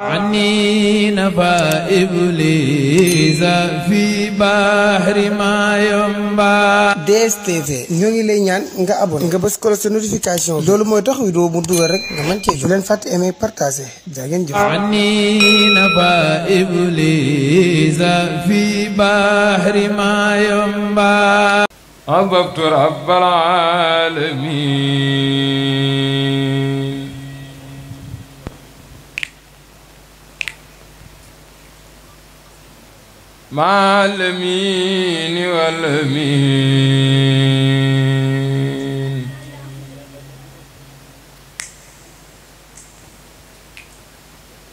عني نفى إبليس في بحر ما ينبع DSTV ñoo ngi lay ñaan nga abonné nga bës ko sa notification loolu mooy tax vidéo mu dugal rek nga mën cee jox leen fàtte aimer partager jaa ngeen jëf عني نفى إبليس في بحر ما ينبع أحببت رب مع اليمين واليمين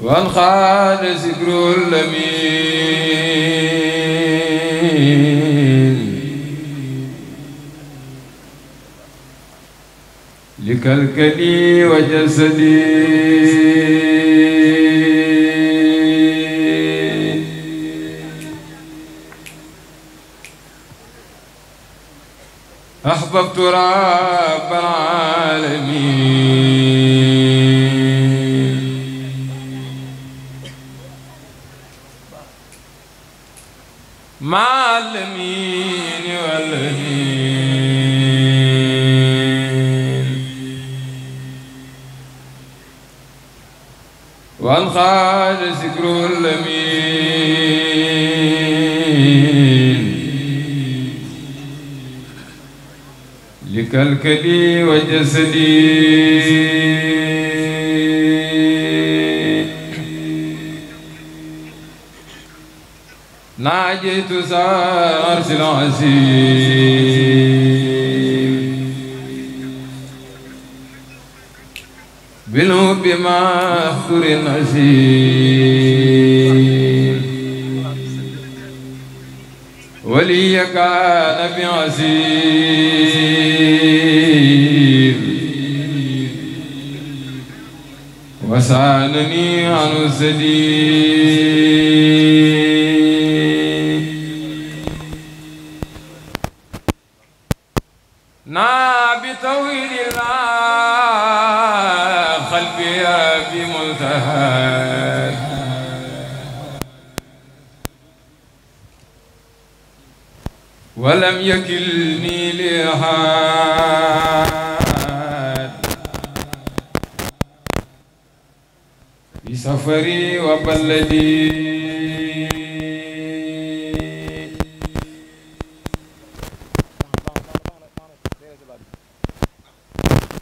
والخال ذكر اليمين لكلكلي وجسدي أحببت رب العالمين مع اليمين واليمين والخالص ذكر الأمين كالكدي وجسدي ناجيت سار سلاسي بنو بما خر وليك ولي كان وسألني عن الزديد نا بتوحيد الله في منتهى ولم يكلني لها وفري وبلدي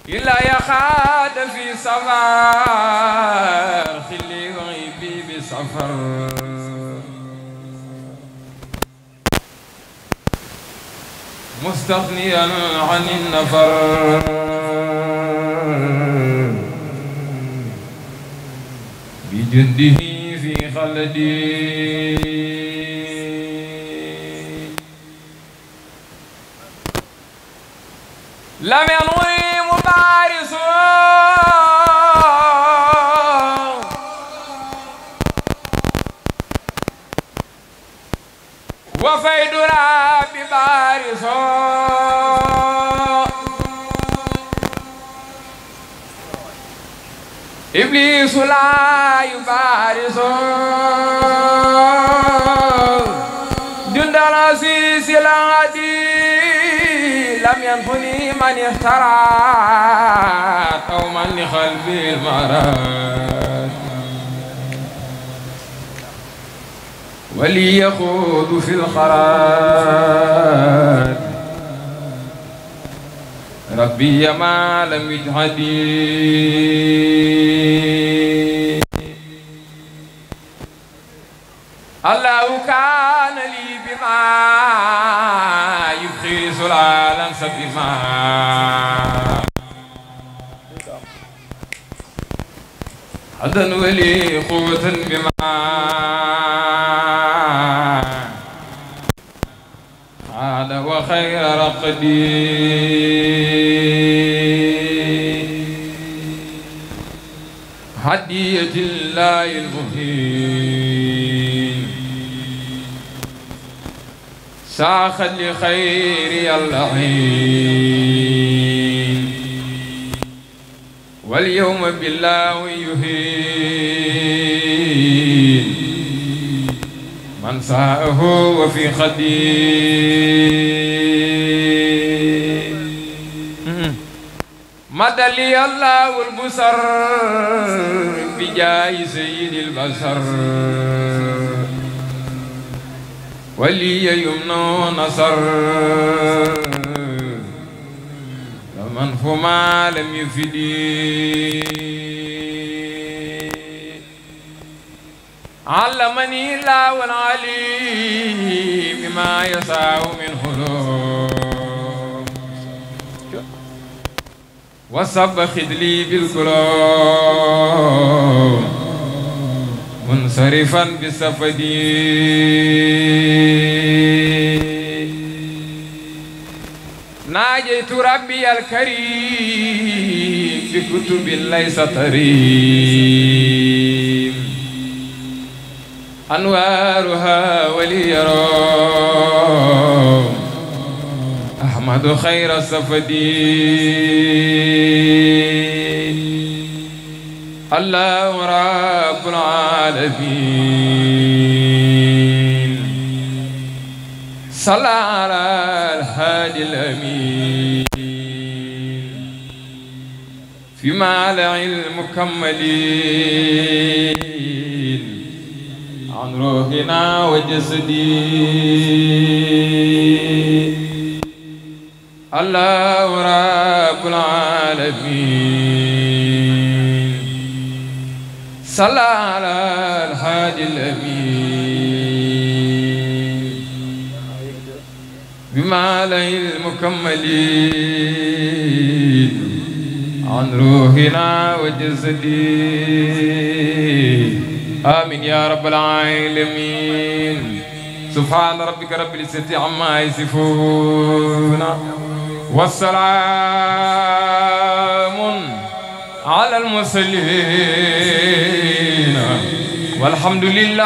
إلا يا خاد في سفر خلي غيبي بسفر مستغنيا عن النفر جده في خلدي لم ينوي مبارس وفيدنا ببارس إبليس لا يبارز جند العزيز العدي لم ينفني من اخترع قوما لخلف المراد وليخوض في الخراد ربي يا معلم اجعدي الله كان لي بما يبغي العالم سبما حدا ولي قوة بما هذا وخير قدير هدية الله المهين ساخا لخير اللعين واليوم بالله يهين من ساءه وفي خدين مدلي الله البصر بجاه سيد البصر ولي يمن نصر فمن فما لم يفدي علمني الله العلي بما يسع من وصب خدلي بالكرام منصرفا بسفدي ناجيت ربي الكريم بكتب ليس طريم أنوارها وليرام أحمد خير صفدي الله رب العالمين صلى على الهادي الأمين فيما على المكملين عن روحنا وجسدين الله رب العالمين صلى على الحاج الأمين بما عليه المكملين عن روحنا وجسدي آمين يا رب العالمين سبحان ربك رب العزة عما يصفون والسلام على المرسلين والحمد لله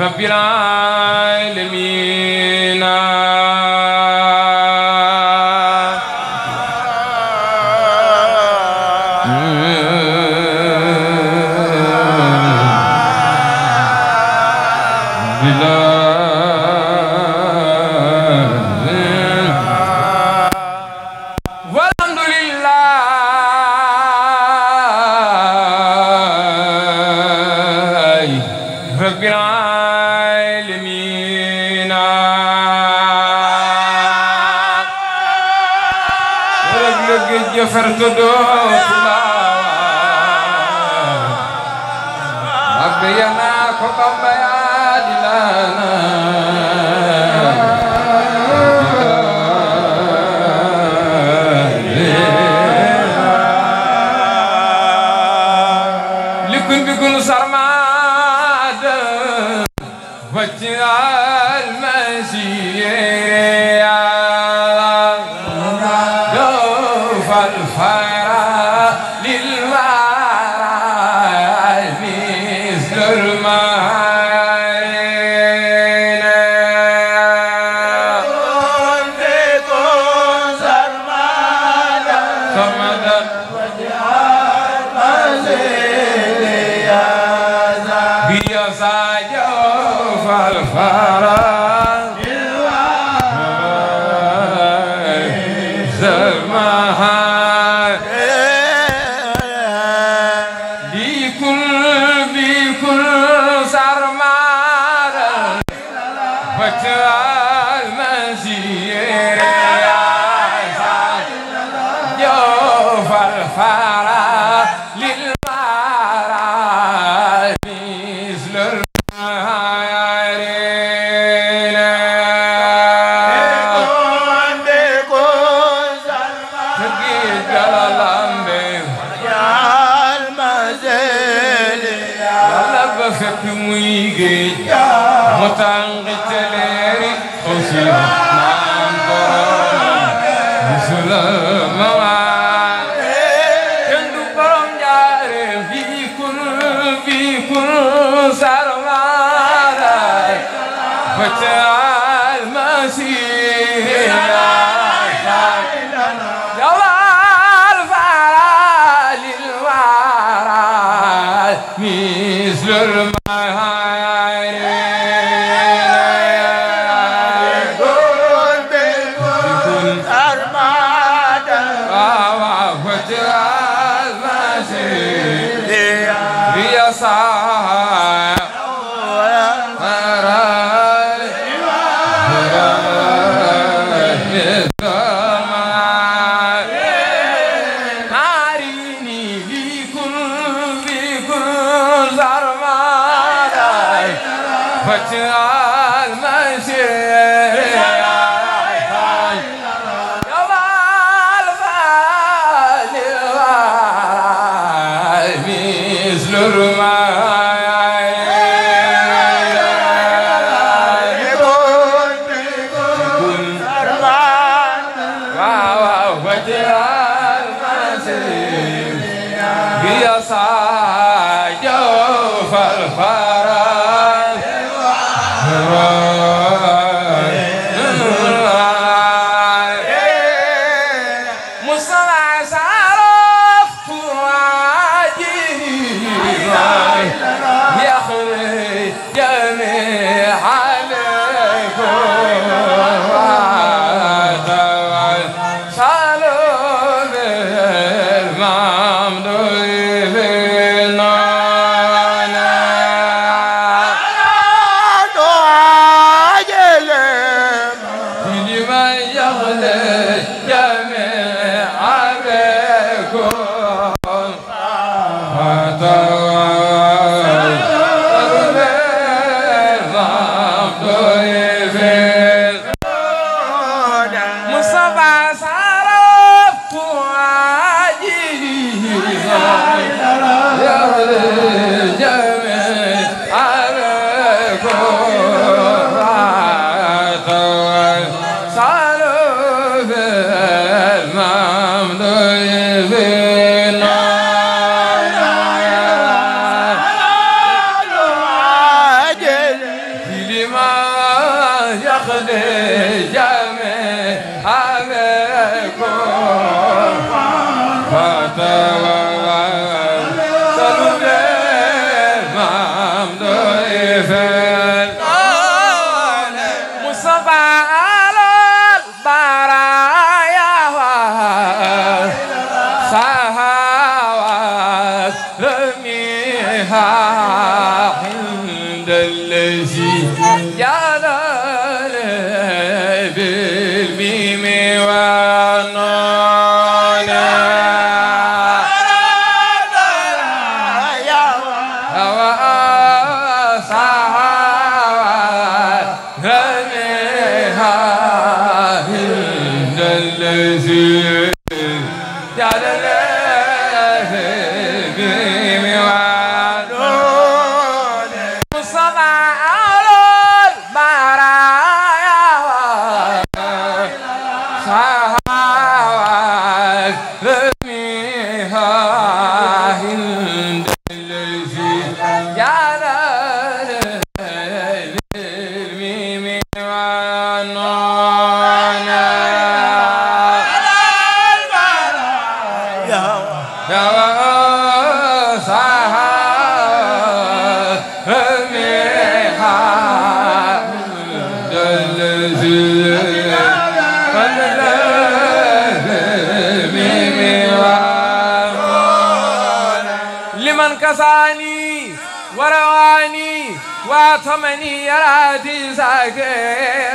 رب العالمين Maha.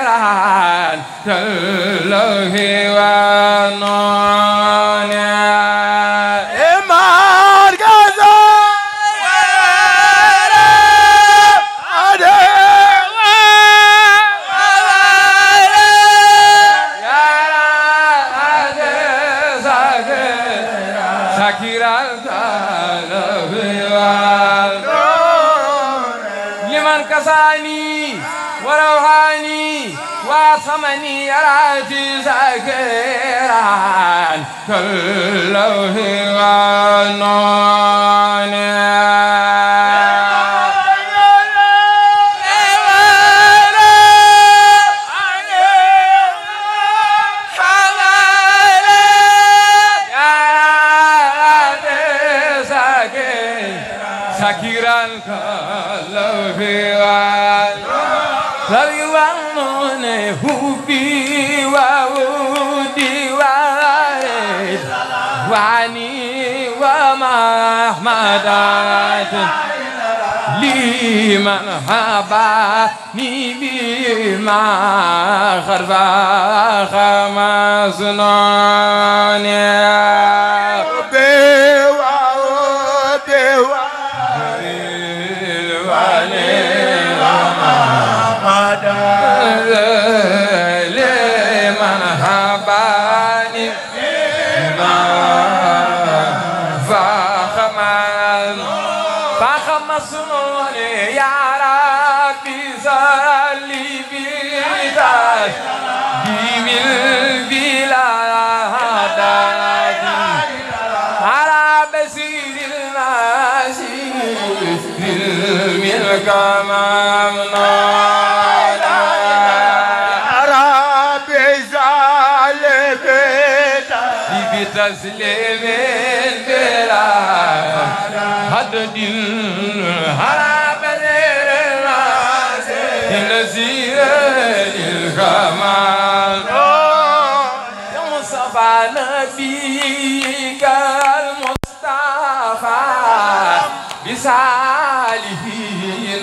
là từ lời hiệu منيراتي ساكرا كاللوه والنار liman haba mi ma kharwa khamasnaniya بتسليم بلا حدد هرب الراس نزير الكمال يا مصطفى نبيك المصطفى بساله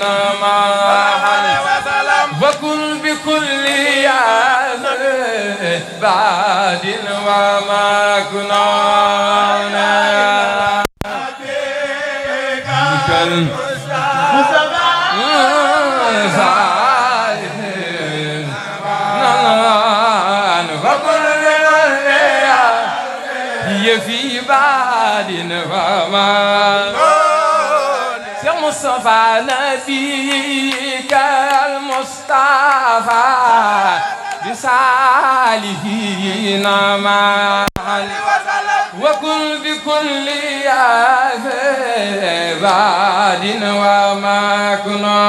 نما وكن بكل يا بعد وما كنا في بعد وما يا مصطفى نبي المصطفى بصالحين معا وكن بكل بعد وما كنا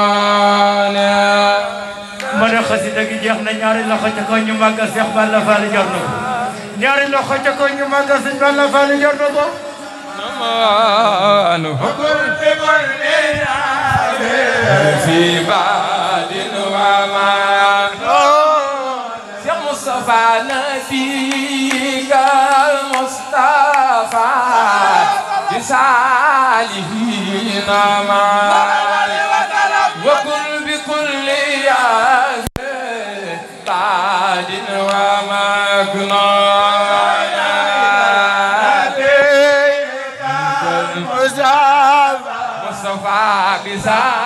ma ne xasida gi jeex na ñaari loxo ca kaw ñu màggal Seex Balla Fall jor na ko ñaari loxo ca kaw ñu màggal Seex Balla Fall jor na ko نمانه كل كل في بعدنا ما يا مصطفى نبيك المصطفى بسالهين ما وكن بكل يا بعد وما كنا مصطفى بسالهين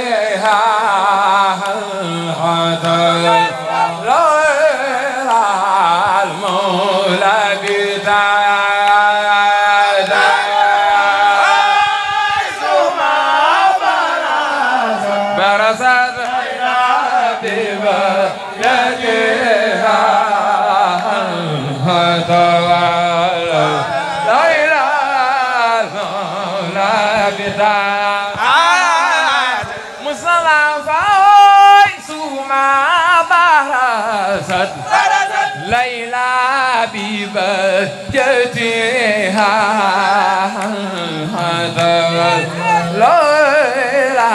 زوجتها هذا لولا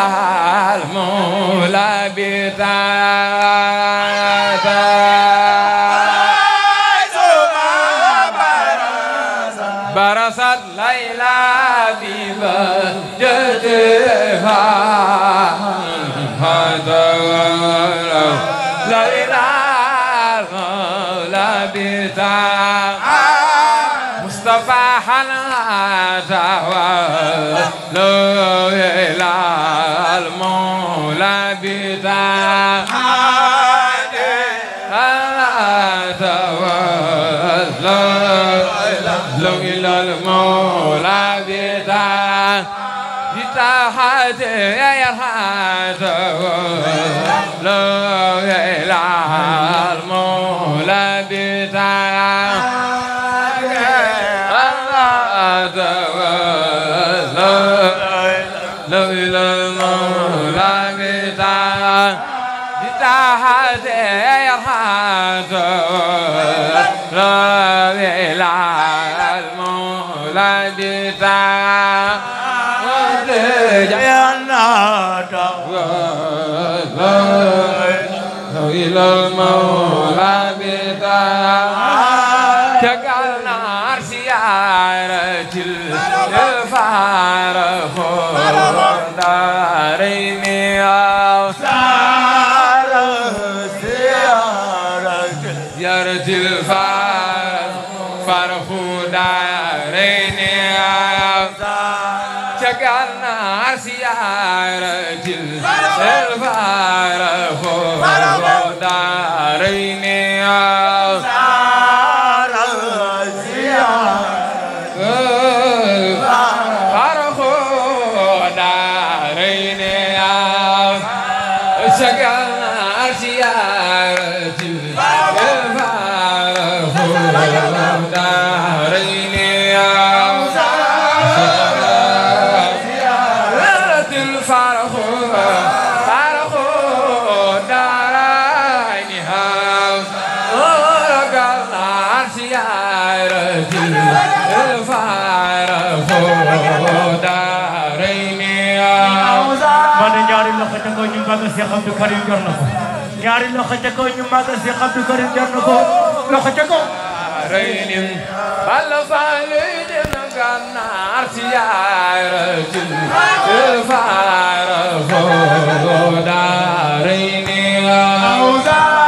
المولى بذاته برست ليلى بزوجتها هذا الحد يا الحد لا إله المولى بتاعه لا màggal Cheikh Abdou Karim jor na ko ñaari loxo ca kaw ñu màggal Cheikh Abdou Karim jor na ko loxo ca kaw raynin balla faaluy dem gànnaar si yaara jin faara fooda raynin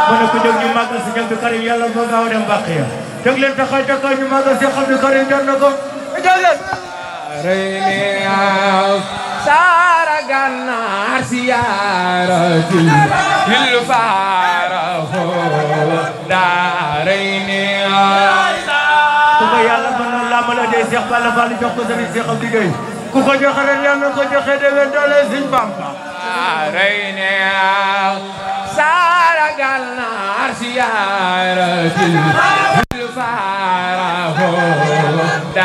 mu ne ko jóg ñu màggal Cheikh Abdou Karim yàlla ba gaaw dem bàq ya jóg leen taxaw ca kaw ñu màggal Cheikh Abdou Karim jor na ko jóg leen raynin saara gannaar siyaara ji il faara xoo daaray ni ku ko yàlla mën na làmbal adee Balla Fall jox ko sëriñ Seex Abdu Gay ku ko joxe ren yàlla na ko joxe déwén doole faara xoo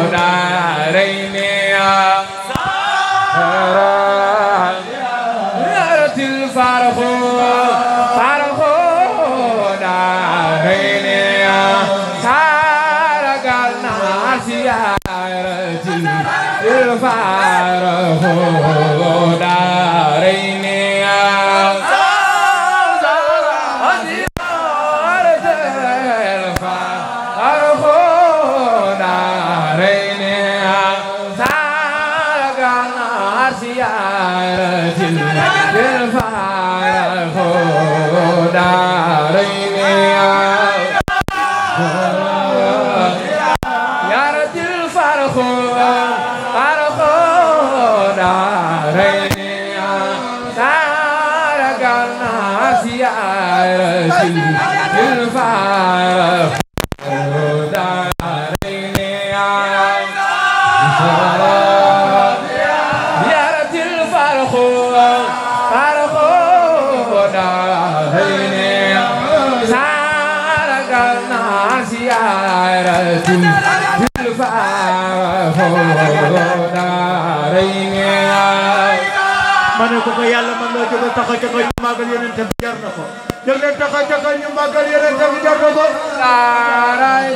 taxa jaka ñu màggal yonente bi jar na ko jóg leen taxa jaka ñu màggal yonente bi jar na ko saaray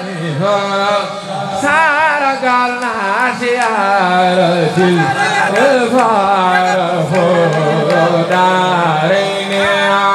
saaragal na siyaaratil faara foo daare ne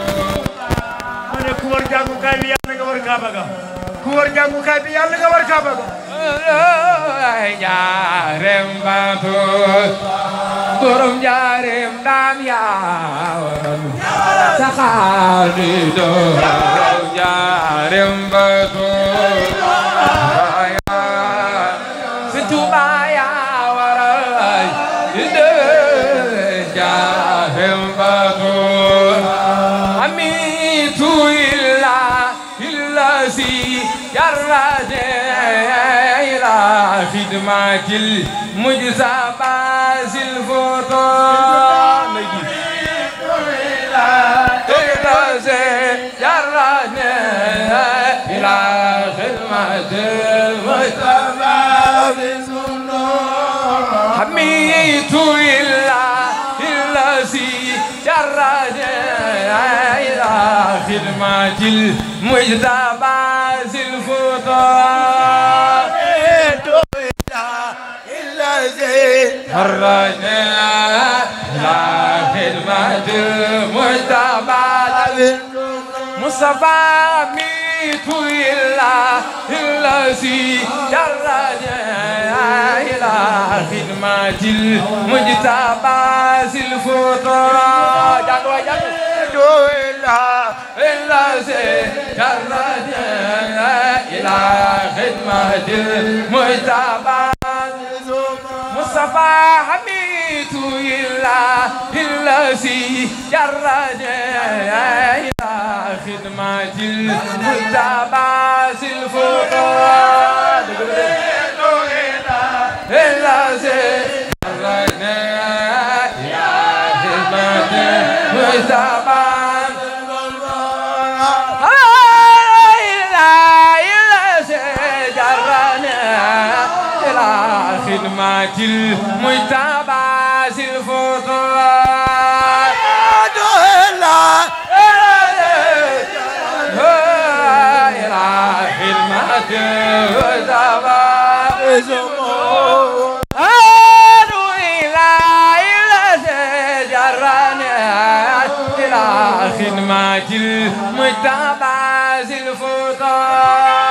ku war jàngukaay bi yàlla nga war kaaba ku war jàngukaay bi yàlla nga ga jaarem bantu borom jaarem dam yaawan saxaar di doon jaarem bantu Amin كالرجيلة في دمعة المجزى باز الفطور حميت إلا الذي جرى إلى خدمة المجتبى صفاميت إلا الذي درجنا إلى خدمة المجتبى الفطرة إلا إلا سكرت إلى خدمة المجتبى مصطفى حميد إلا إلا سكرت إلى خدمة المجتبى الفرقان Zaba كلمات المجتبى ذي الفضل لا إله كلمات المجتبى زمو خدمات المجتبى ذي الفضل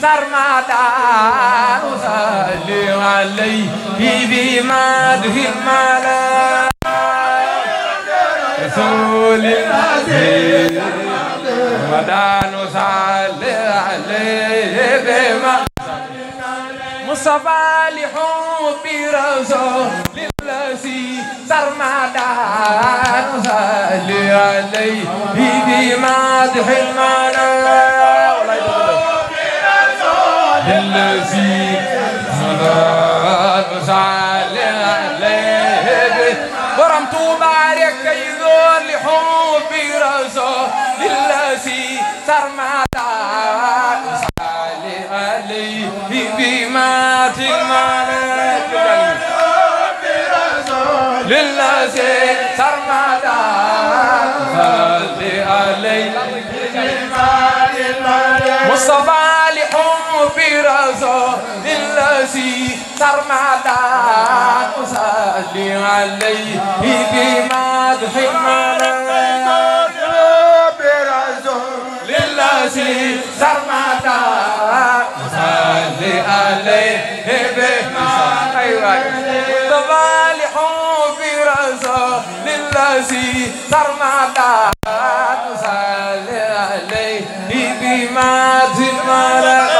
سرمدا أصلي عليه بما الملا رسول العزيز رمضان أصلي عليه بما مصطفى لحب رسول الذي سرمدا أصلي عليه بما الملا الذي نزعل عليه برمت معرك كيدون لحب رسول الذي ترمى عليه بما تجمعنا للذي ترمى عليه مصطفى برضا الذي سرمدا أصلي عليه بمدح المنام برضا للذي سرمدا أصلي عليه بمدح المنام برضا للذي سرمدا أصلي عليه بمدح المنام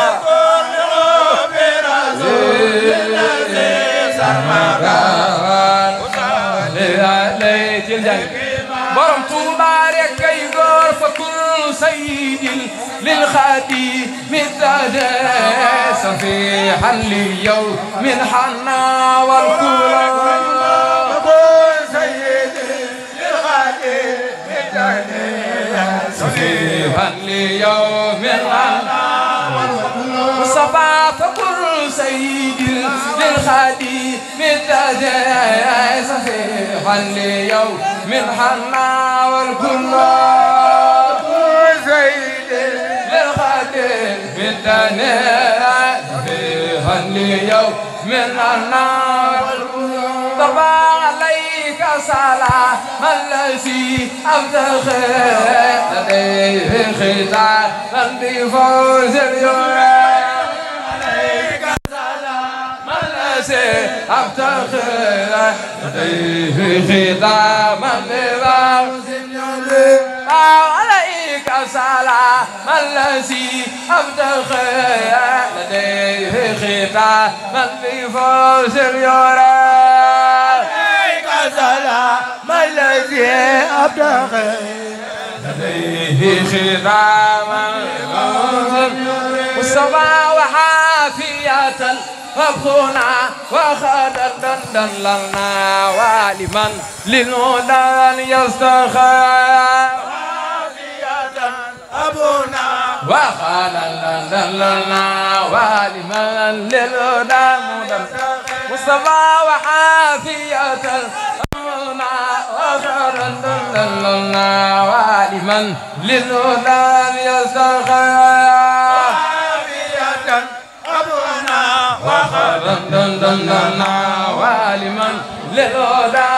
خديم التداس في حل يوم من حنا والكل صفيفا ليوم من مصطفى فكل سيد للخديم التداس صفيفا ليوم من حنا والكل تنيع فيها اليوم من النار طبعا عليك سلام الذي أفتخر لديه ختام بفوز اليوم عليك سلام الذي أفتخر لديه ختام بفوز اليوم سلام الذي أبدخ لديه ختام من فوز اليرى عليك سلام الذي أبدخ لديه ختام مصطفى وحافية فبخنا وخدا دندن لنا ولمن للهدى يستخاف ربنا وخلى لنا ولمن للهدى مدن مصطفى وحافية المنى وخلى لنا ولمن للهدى يستخير وحافية ربنا وخلى لنا ولمن للهدى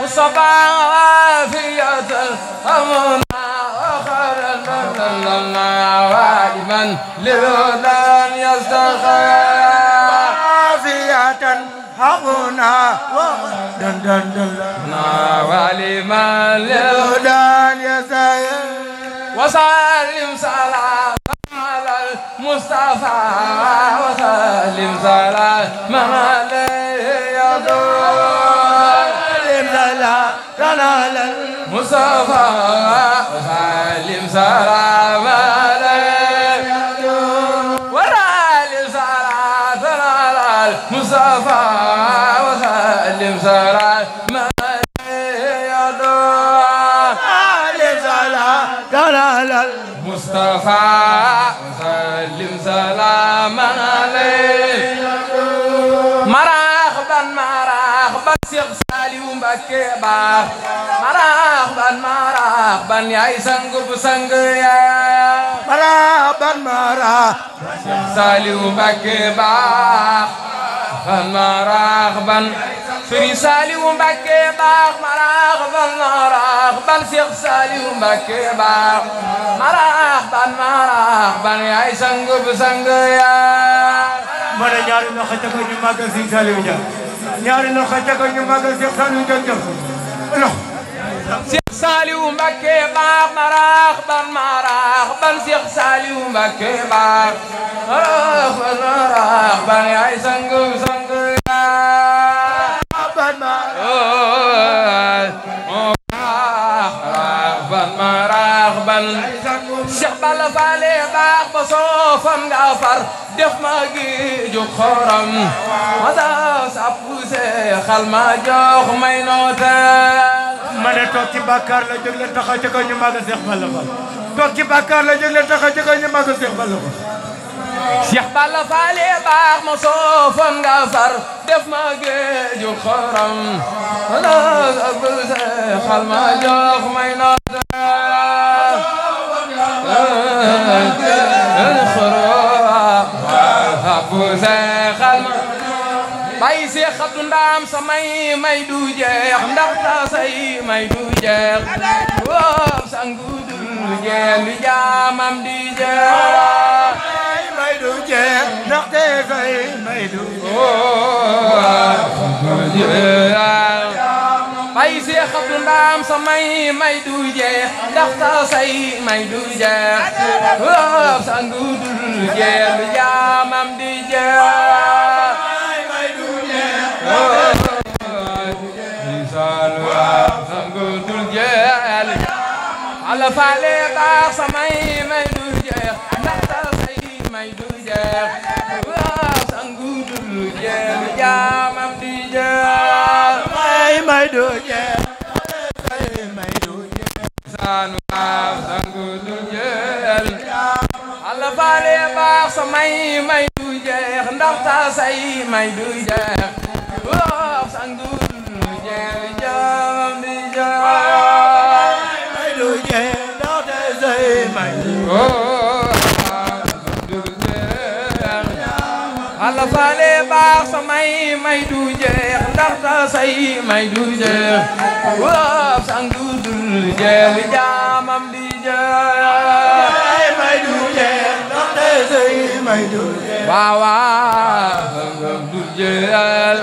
مصطفى وحافية المنى لنا واجبا لولا يستخاف عافية حقنا دن دن دن لنا واجبا لولا يستخاف وسلم سلام على المصطفى وسلم سلام عليه يا دور على جلال المصطفى وسلم سلام عليه وسلم المصطفى وسلم سلام عليه يا جلال المصطفى Mbàkke baax maraax ban maraax ban yaay sangub sang yaa maraax ban maraax Saaliw Mbàkke baax ban maraax ban Sëriñ Saaliw Mbàkke baax maraax ban maraax ban Seex Saaliw Mbàkke baax maraax ban maraax ban yaay sangub sang yaa mën a ñaari loxo ca ko ñu màggal Sëriñ Saaliw ja ñaari loxo jago ñu magal Cheikh Saliou jërëjëf loxo. Cheikh Saliou Mbacké baax maraax ban maraax ban Cheikh Saliou Mbacké baax maraax ban maraax ban yaay sang sang yaa ban maraax ban maraax ban Cheikh Balla Fallé baax fan nga far ma gi ju xoram ma daa sab ma jox may nootal ma ma soo ma gi ma daa sab puuse xal ma jox may nootal samay may du jeex ndax tasay may du jeex woo sangu dul jeex li jaamam di jeex may du jeex ndax tasay may du jeex bay Seex Abdu Ndaam samay may du jeex ndax tasay may du jeex woo sangu dul jeex li jaamam di jeex la faale baax samay may du jeex ndaxtal say may du jeex waaw sangu dul jeex jaamam di jeex may may du jeex say may du jeex saanu waaw sangu dul jeex la faale baax samay may du jeex ndaxtal say may du jeex waaw sangu dul jeex jaamam di jeex Alla faale baax samay may du jeex ndax ta say may du jeex waaw sang du dul jeex jaamam di jeex may du jeex ndax ta say may du jeex waaw waaw sang du dul jeex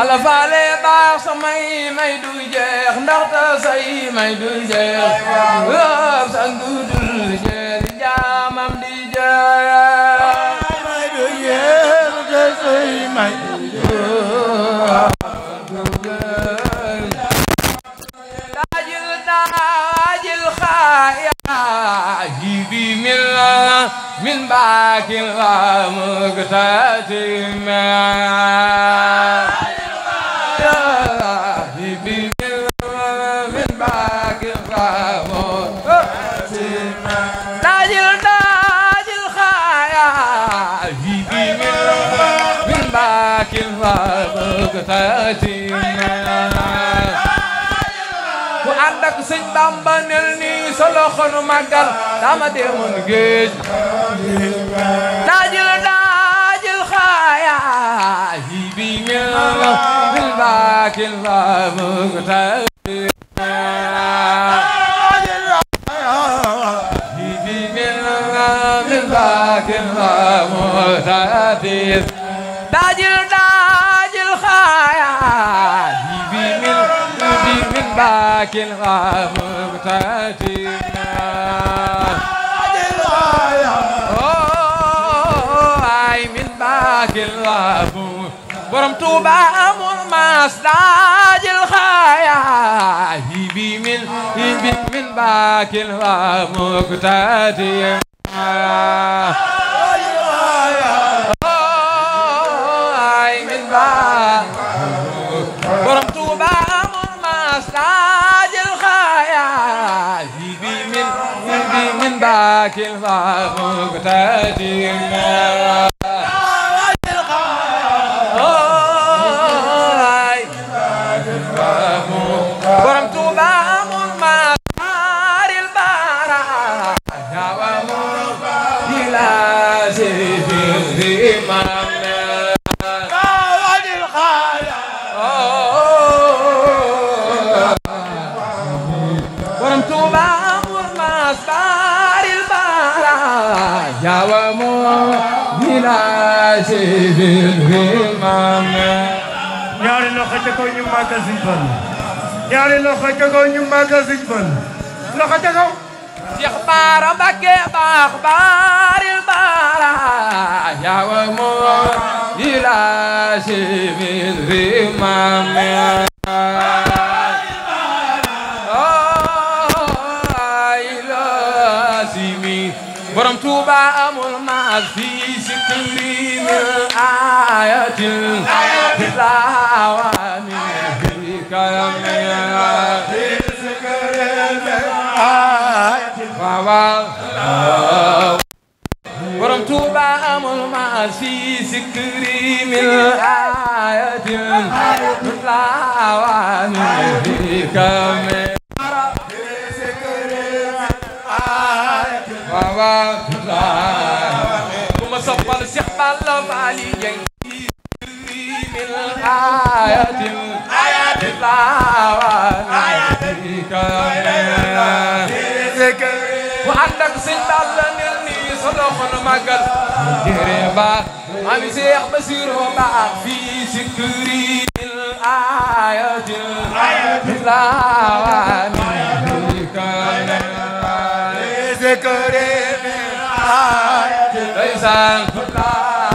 ala faale baax samay may du jeex ndaxte say may du jeex loob sang du dul jeex li jaamam di jeex may du jeex te say may du jeex taajil taajil xaayaa jibi min la min baakin la mugtati ma ku ànd ak sëñ Bamba nel nii sa loxo nu màggal dama demoon géej daajil daajil xaaya yi bi mel bil baakil la mug taati داجل داجل خايا بي من بي من باك الغام تاتينا داجل خايا اي من باك الغام برم توبا امر ما داجل خايا بي من بي من باك الغام تاتينا borom Tuuba amul maas taajil xaayaay bi min bi min baakil faa muqtadina ñaari loxo ca kaw ñu màggal Sëriñ Fallu ñaari loxo ca kaw ñu màggal Sëriñ Fallu loxo ca kaw Cheikh Bara Mbacké baax baaril bara yawa moo ila simin rimame borom Tuuba في ستين آية تلاوان فيك يا في ذكر آية borom Tuuba amul ma si zikri min ayatin mutlawani bi kame zikri ayatin wa wa soppal Cheikh Balla Fally Dieng من الحياة الحياة الحياة وعندك سيد الله نلني صدق المقل جريبا عم سيح بصير معك في سكري الآية الآية الآية ذكري من آية loxo ca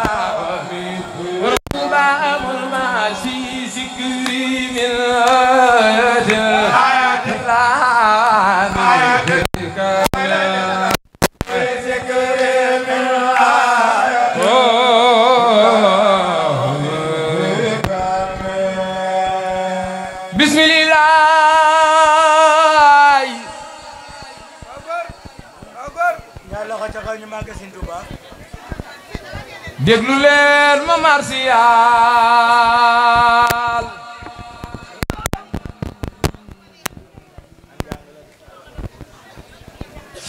kaw ñu màgg Sëñ Tuubaa déglu leen ma martial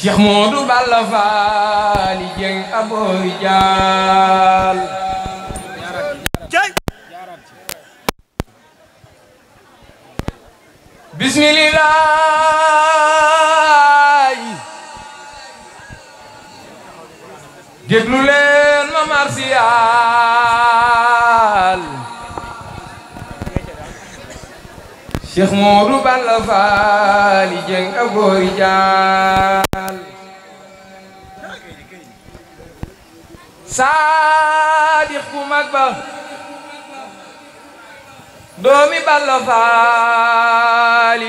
Cheikh Modou Balla Fally Dieng Aboy Dial bismillah déglu leen ma martial Cheikh Modou Balla Fall jeng a góori jaal saadiq bu mag doomi Balla Fall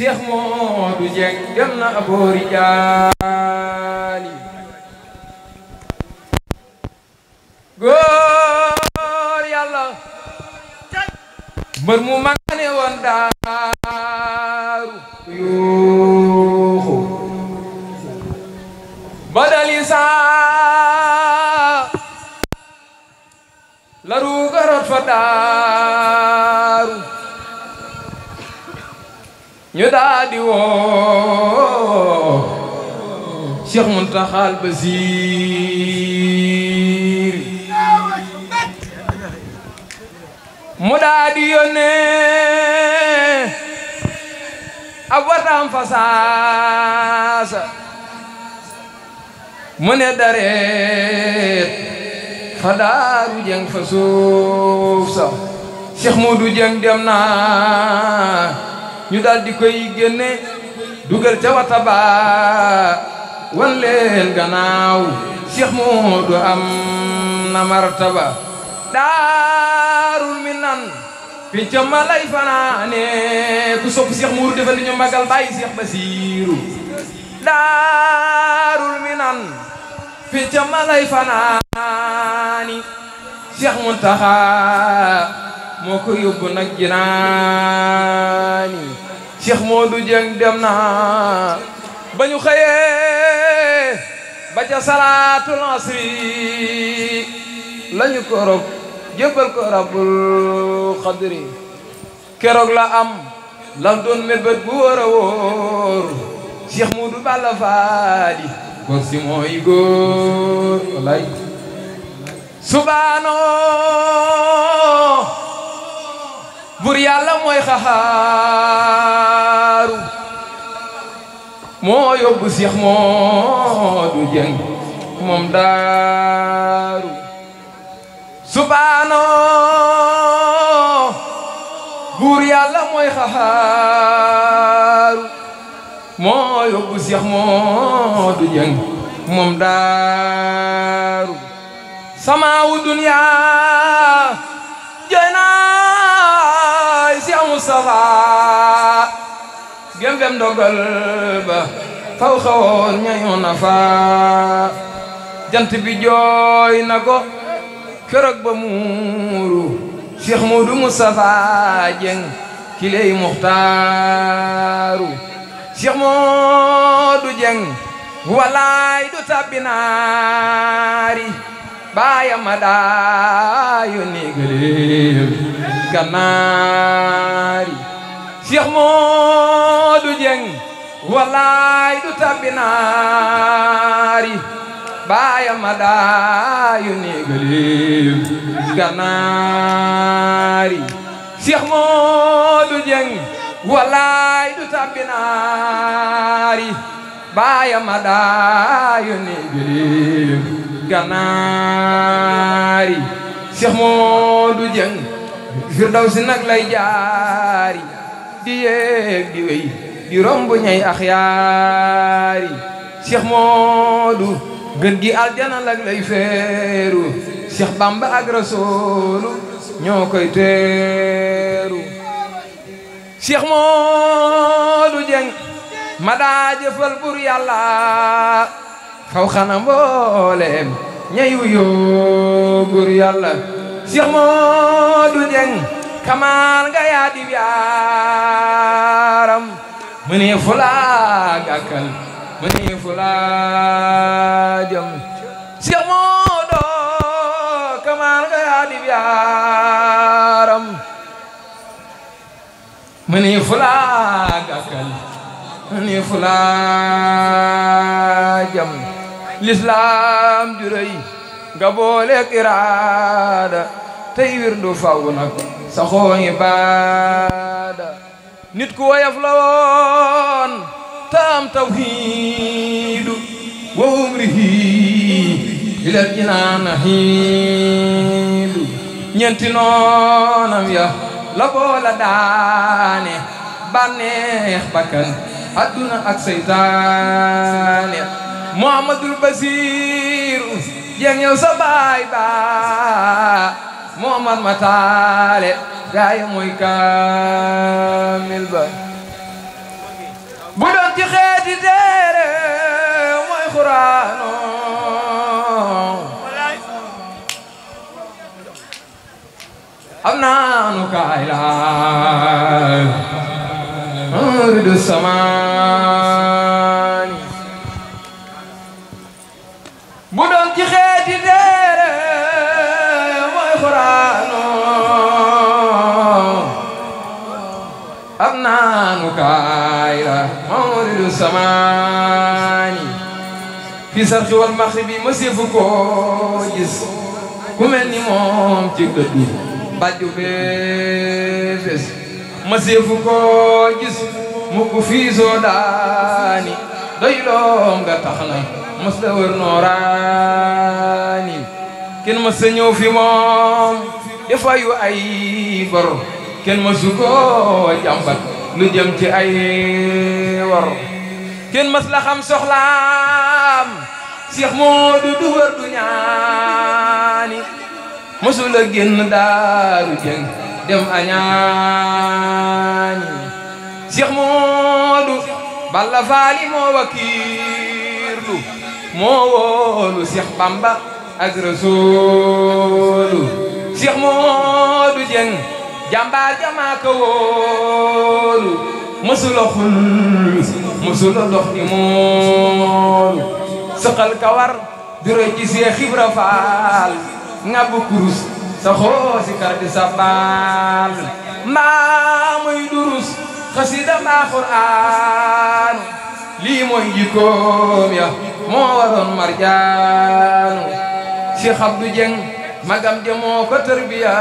Seex Moodu Jeng dem na aboori jaali góor yàlla ya mbër mu ma nga ne woon daaru yuuxu badali ñu daal di woo Cheikh Muntaxal Basiir mu daal di yónnee ab wataam fasaasa mu ne dareet fa daaru jëng fa suuf sa Cheikh Modou Jëng dem naa ñu daal di koy génne dugal ca wata ba wan leen gannaaw Cheikh Modou am na martaba daarul minan pinca ma fanaane ku sopp Cheikh Modou defal ñu magal bàyyi Cheikh Basiiru daarul minan pinca ma fanaani Cheikh Muntaxa moo ko yóbbu nag jinaani Cheikh Modou Dieng dem na ba ñu xëyee ba ca salaatul asri la ko rob jébbal ko rabbul xadri keroog la am lam doon mébét bu wóor a wóor Cheikh Modou Balla Fadi ko si mooy góor walay subaanoo bur yàlla mooy xaxaaru moo yóbbu Seex Moodu Jeng moom daaru subaano bur yàlla mooy xaxaaru moo yóbbu Seex Moodu Jeng moom daaru samaawu duniyaa jooy naa gembem dogal ba faw xawoon ñañu na fa jant bi jooy na ko keroog ba muuru Cheikh Modou Moustapha Dieng kiley muxtaaru Cheikh Modou Dieng walaay du tabbi baayama daayu ni gëléem ganaari Cheikh Modou Dieng wallaay du tabinaari baayama daayu ni gëléem ganaari Cheikh Modou Dieng wallaay du tabinaari baayam a daayu ni jëleelu ganaari Cheikh Modou Dieng Firdawsi nag lay jaari di yéeg di wéy di romb ñay axyaari Cheikh Modou gën gi aljana lag lay feeru Cheikh Bamba ak Rasoolu ñoo koy teeru Cheikh Modou Dieng ma daa jëfal bur yàlla xaw xana mbooleem ñayu yoo bur yàlla Cheikh Modou Dieng kamaan nga yaa dib yaaram mu ne fulaa gàkkal mu ne fulaa jëm Cheikh Modou kamaan nga yaa dib yaaram mu ne fulaa gàkkal ni fulaajam lislaam jurëy nga booleeg iraada tey wirndu faw nag saxoo ngi baada nit ku woyof la woon taam tawhiidu wa umrihi ila jinaana hiidu ñeenti noonam ya la boola daane bànneex bakkan adduna ak seytaane muhammadul basiiru jeng yow sa baay baa muhammad taale gaaya mooy kaamil ba bu doon ci xeeti téere mooy xuraano am naanu kaay laa مورد السمان بدون جخيتي دير وقرآن أبنان كايرة مورد السمان في سرخ والمغرب مسيف كويس كمني موم تكتبي بادو بيفس مسيف كويس mukk fii soo daani doyloo nga tax na mës la nooraani kenn mës sa ñëw fi moom defayu ay bor kenn mësu ko jàmbat lu jëm ci ay war kenn mës la soxlaam Seex Moodu du wër du ñaani mësu la génn daaru jëng dem añaani Cheikh Modou Balla Faali moo wakiirlu moo wóolu Cheikh Bamba ak Rasuulu Cheikh Modou Dieng jàmbaar jamaa ko wóolu mësula xul mësula dox di moolu sëqal kawar dure ci Seex Ibra Faal ngabu kurus sa xoosi kar di sa baal maa muy durus xasida maa quraan lii mooy jikkoom ya moo waroon marjaanu si xabdu jeng magam ja tarbiya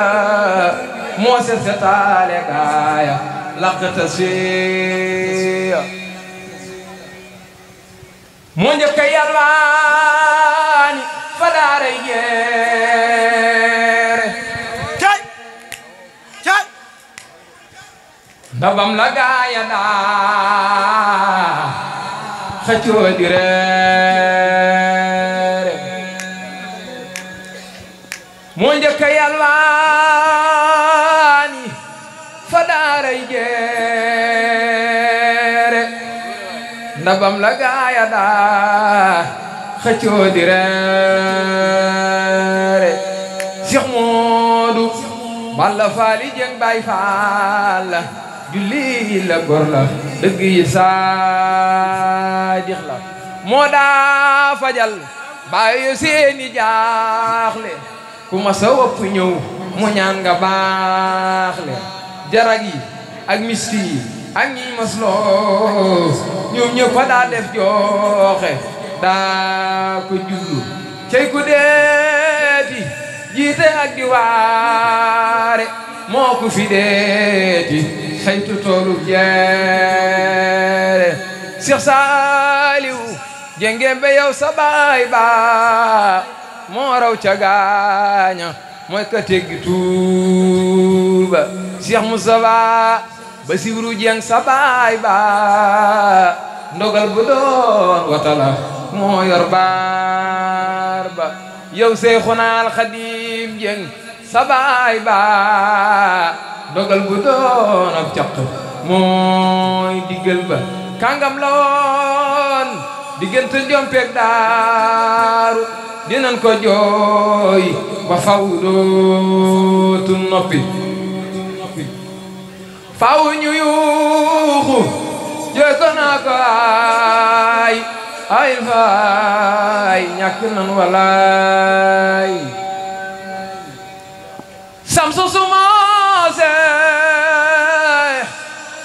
moo se setaale gaaya laqta siya moo njëkk a yalwaani fa daaray jee dabam la gaaya daa xëccoo di reere moo njëkk yalwaani fa daaray jeere dabam la gaaya daa xëccoo di reere Cheikh Modou Balla Faali Jeng Baay Faal julli yi la gor dëgg yi saadix moo daa fajal bàyyi seeni jaaxle ku ma sa wopp mu ñaan nga baaxle jarag ak miski ak ñiy masloo ñoom ñëpp daa def jooxe daa ko jublu cey ku deeti jiite ak di waare moo ko fi deeti sañtu toolu jeere Seex Saaliw jëngeen be yow sa ba moo raw ca gaaña mooy ka teggi tuuba Seex Musaa ba siwru jeng sa ba ndogal bu doon watala moo yor baar ba yow Seexunaa Xaadim jeng sabaay ba dogal bu doon ak caq mooy diggal ba kàngam la woon diggante jompeeg daaru dinañ ko jooy ba faw dootu noppi faw ñu yuuxu jooy ko naa ko ay ay faay ñàkk nan walaay samsu sumaase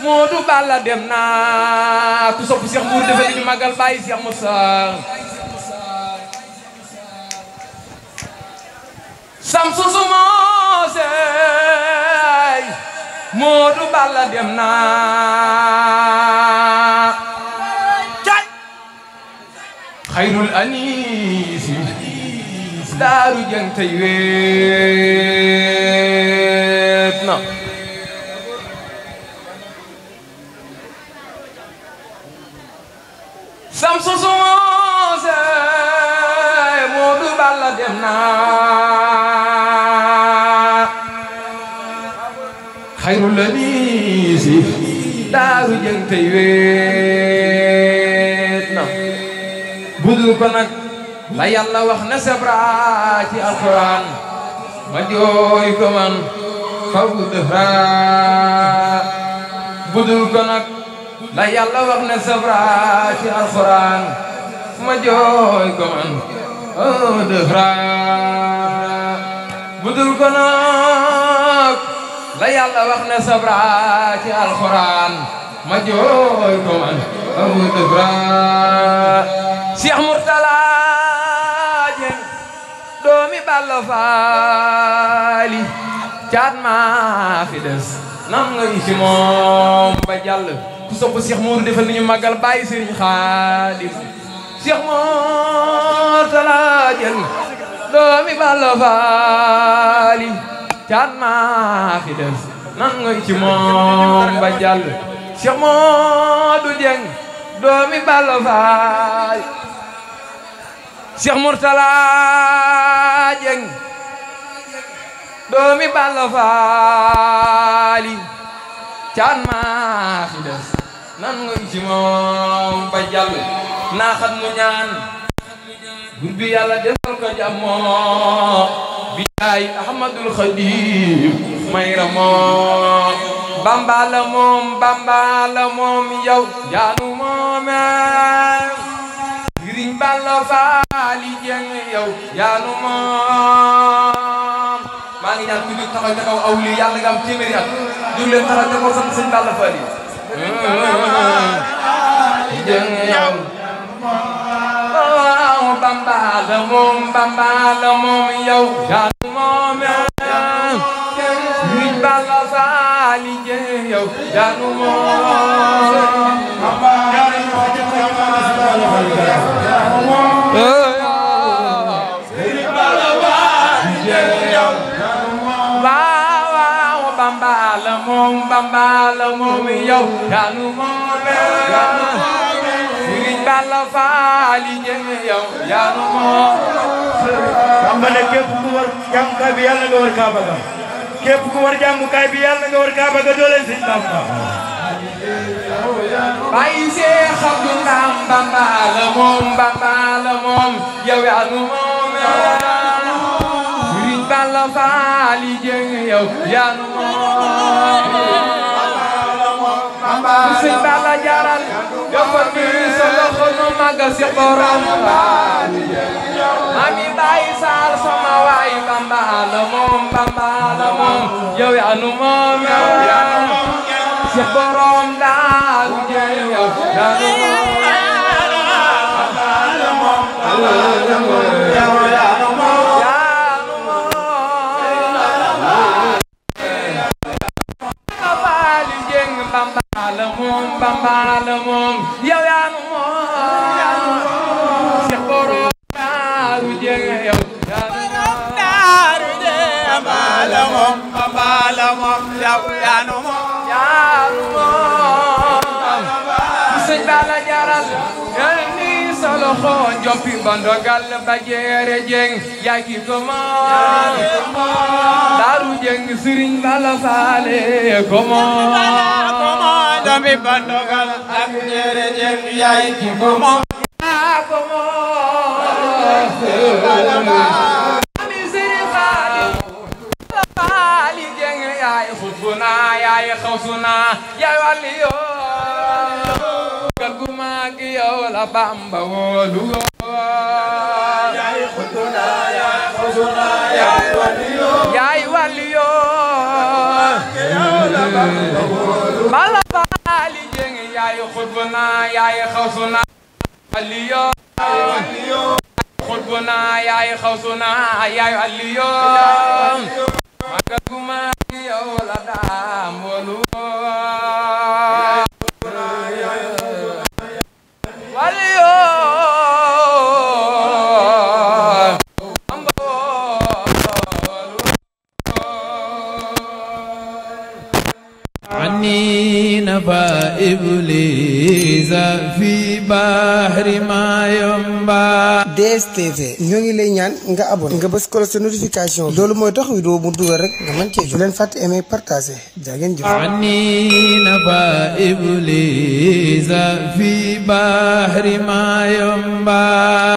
Moodu Balla dem naa ku sopp Cheikh Mbour defe nañu magal bàyyi Cheikh Moussa samsu sumaase Moodu Balla dem naa. xayrul ani daaru jëng tey wéet na sam sosoose Moodu Balla dem na xayru daaru jëng tey wéet na budul ko la wax na sabra ci alquran ma jooy ko man faw dëhra budul ko nag la yàlla wax na sabra ci alquran ma jooy ko man faw dëhra budul ko nag la yàlla wax na sabra ci alquran ma jooy ko man faw dëhra Cheikh Mourtala Yàlla faali caat maa fi des nam nga ñu moom ba jàll ku sopp Cheikh Mourou defal ni ñu màggal bàyyi Serigne Khadim Cheikh Mourou tala jël doomi moom ba jàll Cheikh Mourou Dieng doomi Balla faali Syekh Mursala jeng demi balofali can caan fi des nan nga ci moom ba jàll naa xam mu ñaan bur bi yàlla defal ko bi Ahmadul Xadim mayra moom Bamba la moom Bamba la moom yow jaanu Balla Faali Jeng yow yaa nu moom maa ngi ñaan ku jóg taxaw ca kaw awli yàlla nga am téeméeri at jóg leen taxaw ca kaw sant sëñ Balla Faali Jeng yow oh, Bamba la moom Bamba la moom yow yaa nu moom sëñ Balla Faali Jeng yow yaa nu moom moom Bamba la moom yow yanu moom yanu Serigne Balla Fall yow yanu moom Bamba ne bi yàlla nga war Kaaba ga képp ku war jàngukaay bi yàlla nga war Kaaba ga doole Serigne Bamba bàyyi Seex Abdu Naam Bamba la moom Bamba la moom yow yaa nu moomee Sëriñ Balla Faali Jeng yow yaa nu moomee Bamba Sëriñ Balla jaral dafa ni sa loxo nu maga si borom mami bàyyi saal sama waay Bamba la moom Bamba la moom yow yaa nu moomee si borom daal Bamba la moom Bamba la moom dala jaral ni saloxo jompi bandogal ba jeere jeng yaa ki ko moom daru jeng sëriñ bala saale ko moom jompi bandogal ak jeere jeng yaa ki ko moom yaay xutbuna yaay xawsuna yaay waliyo gu mag yow la Bamba wóolu woon yaay xutuna yaay xutuna yaay waliyo yaay waliyo yow la Bamba wóolu bala baali jeng yaay xutuna yaay xawsuna waliyo waliyo xutuna yaay xawsuna yaay waliyo magal gu mag yow la daam wóolu 완료! ba iblis fi bahri ma yomba DSTV ñoo ngi lay ñaan nga abonné nga bës ko sa notification loolu mooy tax vidéo mu dugal rek nga mën cee bu leen fàtte aimer partager ba iblis fi bahri ma yomba